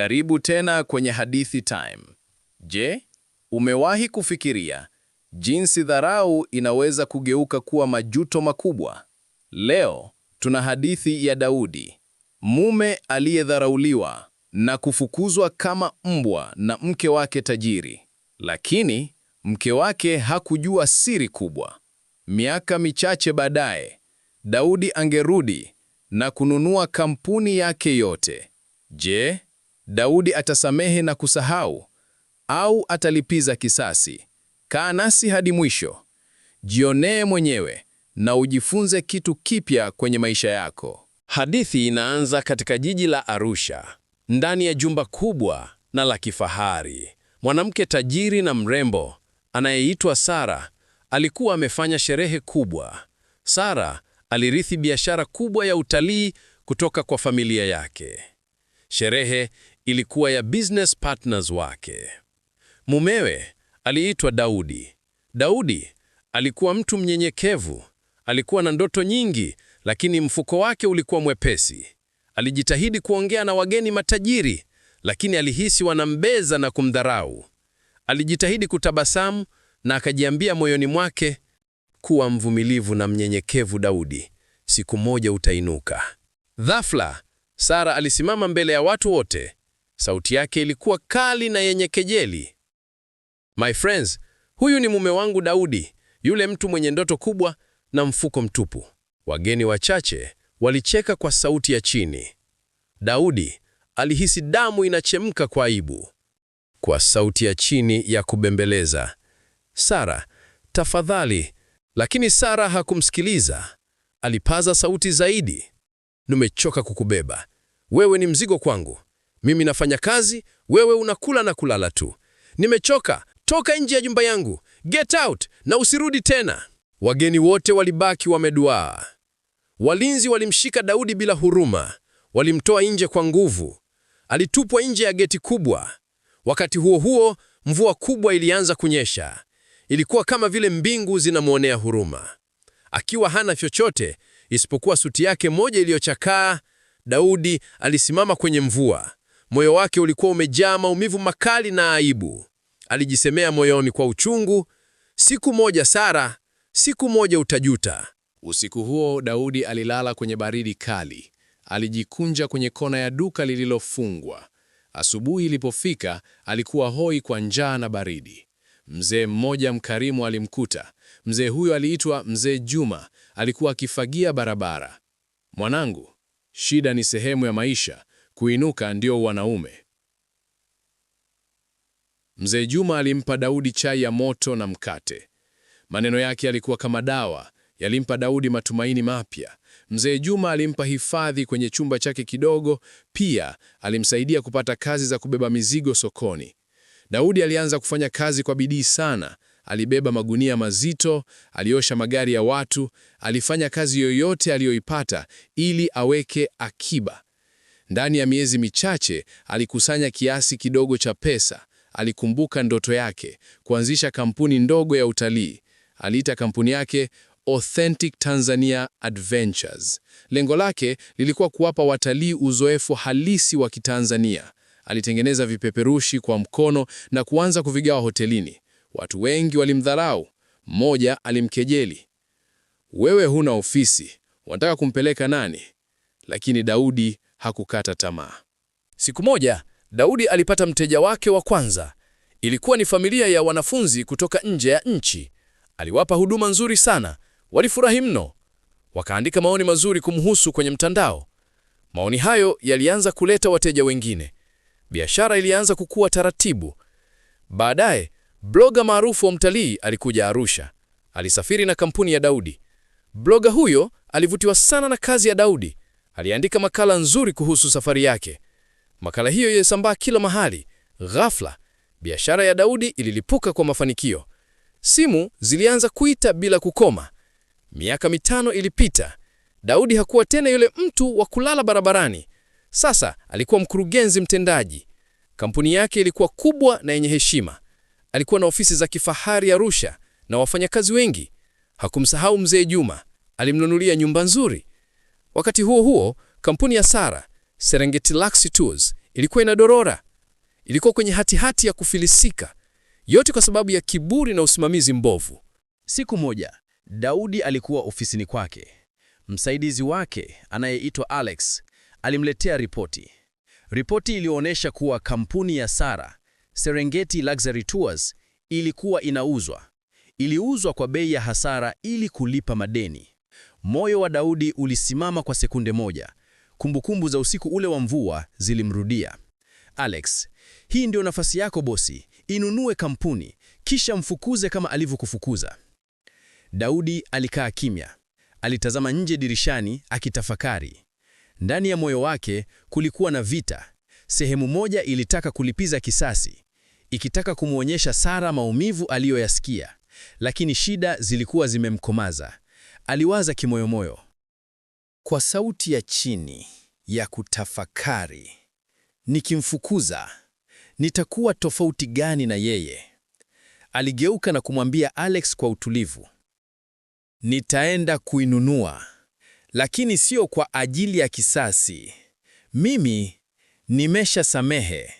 Karibu tena kwenye Hadithi Time. Je, umewahi kufikiria jinsi dharau inaweza kugeuka kuwa majuto makubwa? Leo tuna hadithi ya Daudi, mume aliyedharauliwa na kufukuzwa kama mbwa na mke wake tajiri. Lakini mke wake hakujua siri kubwa. Miaka michache baadaye, Daudi angerudi na kununua kampuni yake yote. Je, Daudi atasamehe na kusahau au atalipiza kisasi? Kaa nasi hadi mwisho, jionee mwenyewe na ujifunze kitu kipya kwenye maisha yako. Hadithi inaanza katika jiji la Arusha, ndani ya jumba kubwa na la kifahari. Mwanamke tajiri na mrembo anayeitwa Sara alikuwa amefanya sherehe kubwa. Sara alirithi biashara kubwa ya utalii kutoka kwa familia yake. Sherehe ilikuwa ya business partners wake. Mumewe aliitwa Daudi. Daudi alikuwa mtu mnyenyekevu, alikuwa na ndoto nyingi, lakini mfuko wake ulikuwa mwepesi. Alijitahidi kuongea na wageni matajiri, lakini alihisi wanambeza na kumdharau. Alijitahidi kutabasamu na akajiambia moyoni mwake, kuwa mvumilivu na mnyenyekevu Daudi, siku moja utainuka. Ghafla Sara alisimama mbele ya watu wote Sauti yake ilikuwa kali na yenye kejeli. My friends, huyu ni mume wangu Daudi, yule mtu mwenye ndoto kubwa na mfuko mtupu. Wageni wachache walicheka kwa sauti ya chini. Daudi alihisi damu inachemka kwa aibu. Kwa sauti ya chini ya kubembeleza, Sara, tafadhali. Lakini Sara hakumsikiliza. Alipaza sauti zaidi, nimechoka kukubeba, wewe ni mzigo kwangu. Mimi nafanya kazi, wewe unakula na kulala tu. Nimechoka, toka nje ya nyumba yangu, get out na usirudi tena. Wageni wote walibaki wameduaa. Walinzi walimshika Daudi bila huruma, walimtoa nje kwa nguvu. Alitupwa nje ya geti kubwa. Wakati huo huo, mvua kubwa ilianza kunyesha. Ilikuwa kama vile mbingu zinamwonea huruma. Akiwa hana chochote isipokuwa suti yake moja iliyochakaa, Daudi alisimama kwenye mvua. Moyo wake ulikuwa umejaa maumivu makali na aibu. Alijisemea moyoni kwa uchungu, siku moja Sara, siku moja utajuta. Usiku huo Daudi alilala kwenye baridi kali. Alijikunja kwenye kona ya duka lililofungwa. Asubuhi ilipofika, alikuwa hoi kwa njaa na baridi. Mzee mmoja mkarimu alimkuta. Mzee huyo aliitwa Mzee Juma, alikuwa akifagia barabara. Mwanangu, shida ni sehemu ya maisha. Kuinuka ndio wanaume. Mzee Juma alimpa Daudi chai ya moto na mkate. Maneno yake yalikuwa kama dawa, yalimpa Daudi matumaini mapya. Mzee Juma alimpa hifadhi kwenye chumba chake kidogo, pia alimsaidia kupata kazi za kubeba mizigo sokoni. Daudi alianza kufanya kazi kwa bidii sana. Alibeba magunia mazito, aliosha magari ya watu, alifanya kazi yoyote aliyoipata ili aweke akiba. Ndani ya miezi michache alikusanya kiasi kidogo cha pesa. Alikumbuka ndoto yake, kuanzisha kampuni ndogo ya utalii. Aliita kampuni yake Authentic Tanzania Adventures. Lengo lake lilikuwa kuwapa watalii uzoefu halisi wa Kitanzania. Alitengeneza vipeperushi kwa mkono na kuanza kuvigawa hotelini. Watu wengi walimdharau. Mmoja alimkejeli, wewe huna ofisi, unataka kumpeleka nani? Lakini Daudi hakukata tamaa. Siku moja Daudi alipata mteja wake wa kwanza. Ilikuwa ni familia ya wanafunzi kutoka nje ya nchi. Aliwapa huduma nzuri sana, walifurahi mno. Wakaandika maoni mazuri kumhusu kwenye mtandao. Maoni hayo yalianza kuleta wateja wengine. Biashara ilianza kukua taratibu. Baadaye bloga maarufu wa mtalii alikuja Arusha. Alisafiri na kampuni ya Daudi. Bloga huyo alivutiwa sana na kazi ya Daudi aliandika makala nzuri kuhusu safari yake. Makala hiyo yalisambaa kila mahali. Ghafla biashara ya Daudi ililipuka kwa mafanikio. Simu zilianza kuita bila kukoma. Miaka mitano ilipita. Daudi hakuwa tena yule mtu wa kulala barabarani. Sasa alikuwa mkurugenzi mtendaji. Kampuni yake ilikuwa kubwa na yenye heshima. Alikuwa na ofisi za kifahari Arusha na wafanyakazi wengi. Hakumsahau mzee Juma, alimnunulia nyumba nzuri. Wakati huo huo, kampuni ya Sara Serengeti Luxury Tours ilikuwa inadorora, ilikuwa kwenye hatihati hati ya kufilisika, yote kwa sababu ya kiburi na usimamizi mbovu. Siku moja Daudi alikuwa ofisini kwake. Msaidizi wake anayeitwa Alex alimletea ripoti, ripoti iliyoonyesha kuwa kampuni ya Sara Serengeti Luxury Tours ilikuwa inauzwa, iliuzwa kwa bei ya hasara ili kulipa madeni. Moyo wa Daudi ulisimama kwa sekunde moja. Kumbukumbu za usiku ule wa mvua zilimrudia. Alex, hii ndio nafasi yako bosi, inunue kampuni kisha mfukuze kama alivyokufukuza. Daudi alikaa kimya, alitazama nje dirishani akitafakari. Ndani ya moyo wake kulikuwa na vita. Sehemu moja ilitaka kulipiza kisasi, ikitaka kumwonyesha Sara maumivu aliyoyasikia, lakini shida zilikuwa zimemkomaza. Aliwaza kimoyomoyo kwa sauti ya chini ya kutafakari, nikimfukuza nitakuwa tofauti gani na yeye? Aligeuka na kumwambia Alex kwa utulivu, nitaenda kuinunua, lakini sio kwa ajili ya kisasi. Mimi nimeshasamehe.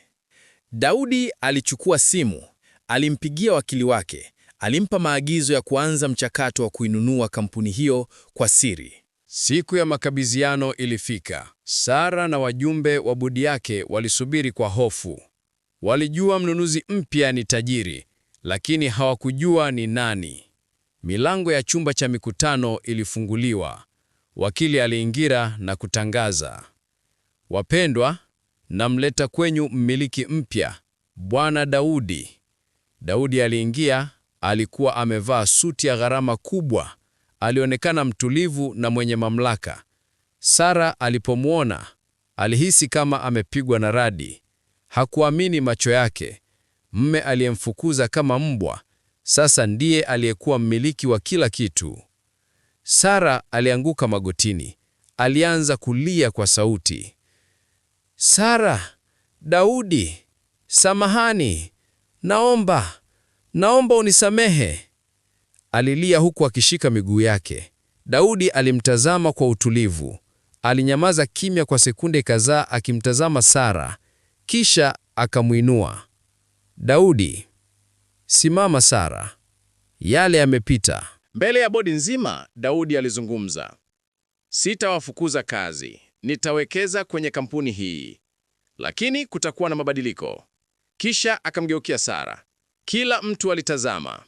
Daudi alichukua simu, alimpigia wakili wake alimpa maagizo ya kuanza mchakato wa kuinunua kampuni hiyo kwa siri. Siku ya makabidhiano ilifika. Sara na wajumbe wa bodi yake walisubiri kwa hofu. Walijua mnunuzi mpya ni tajiri, lakini hawakujua ni nani. Milango ya chumba cha mikutano ilifunguliwa. Wakili aliingira na kutangaza, wapendwa, namleta kwenyu mmiliki mpya, Bwana Daudi. Daudi aliingia Alikuwa amevaa suti ya gharama kubwa, alionekana mtulivu na mwenye mamlaka. Sara alipomwona alihisi kama amepigwa na radi. Hakuamini macho yake. Mme aliyemfukuza kama mbwa sasa ndiye aliyekuwa mmiliki wa kila kitu. Sara alianguka magotini, alianza kulia kwa sauti, Sara, Daudi, samahani, naomba naomba unisamehe, alilia huku akishika miguu yake. Daudi alimtazama kwa utulivu, alinyamaza kimya kwa sekunde kadhaa akimtazama Sara, kisha akamwinua. Daudi, simama Sara, yale yamepita. Mbele ya bodi nzima, Daudi alizungumza, sitawafukuza kazi, nitawekeza kwenye kampuni hii, lakini kutakuwa na mabadiliko. Kisha akamgeukia Sara, kila mtu alitazama.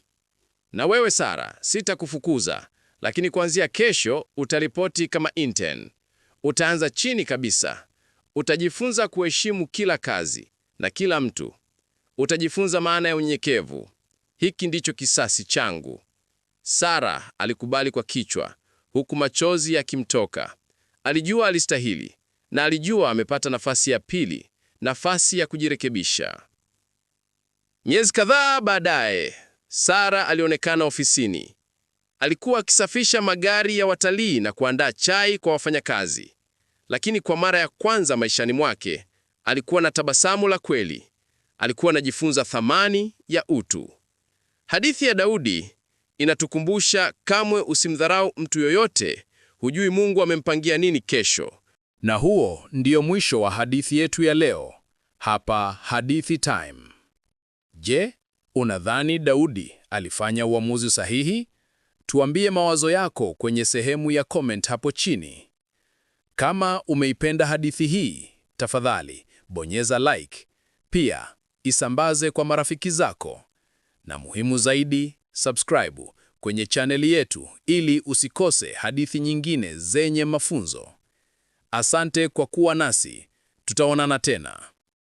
Na wewe Sara, sitakufukuza, lakini kuanzia kesho utaripoti kama intern. Utaanza chini kabisa. Utajifunza kuheshimu kila kazi na kila mtu. Utajifunza maana ya unyenyekevu. Hiki ndicho kisasi changu. Sara alikubali kwa kichwa, huku machozi yakimtoka. Alijua alistahili na alijua amepata nafasi ya pili, nafasi ya kujirekebisha. Miezi kadhaa baadaye, Sara alionekana ofisini. Alikuwa akisafisha magari ya watalii na kuandaa chai kwa wafanyakazi, lakini kwa mara ya kwanza maishani mwake alikuwa na tabasamu la kweli. Alikuwa anajifunza thamani ya utu. Hadithi ya Daudi inatukumbusha kamwe usimdharau mtu yoyote, hujui Mungu amempangia nini kesho. Na huo ndio mwisho wa hadithi yetu ya leo hapa Hadithi Time. Je, unadhani Daudi alifanya uamuzi sahihi? Tuambie mawazo yako kwenye sehemu ya comment hapo chini. Kama umeipenda hadithi hii, tafadhali bonyeza like, pia isambaze kwa marafiki zako, na muhimu zaidi, subscribe kwenye chaneli yetu ili usikose hadithi nyingine zenye mafunzo. Asante kwa kuwa nasi, tutaonana tena.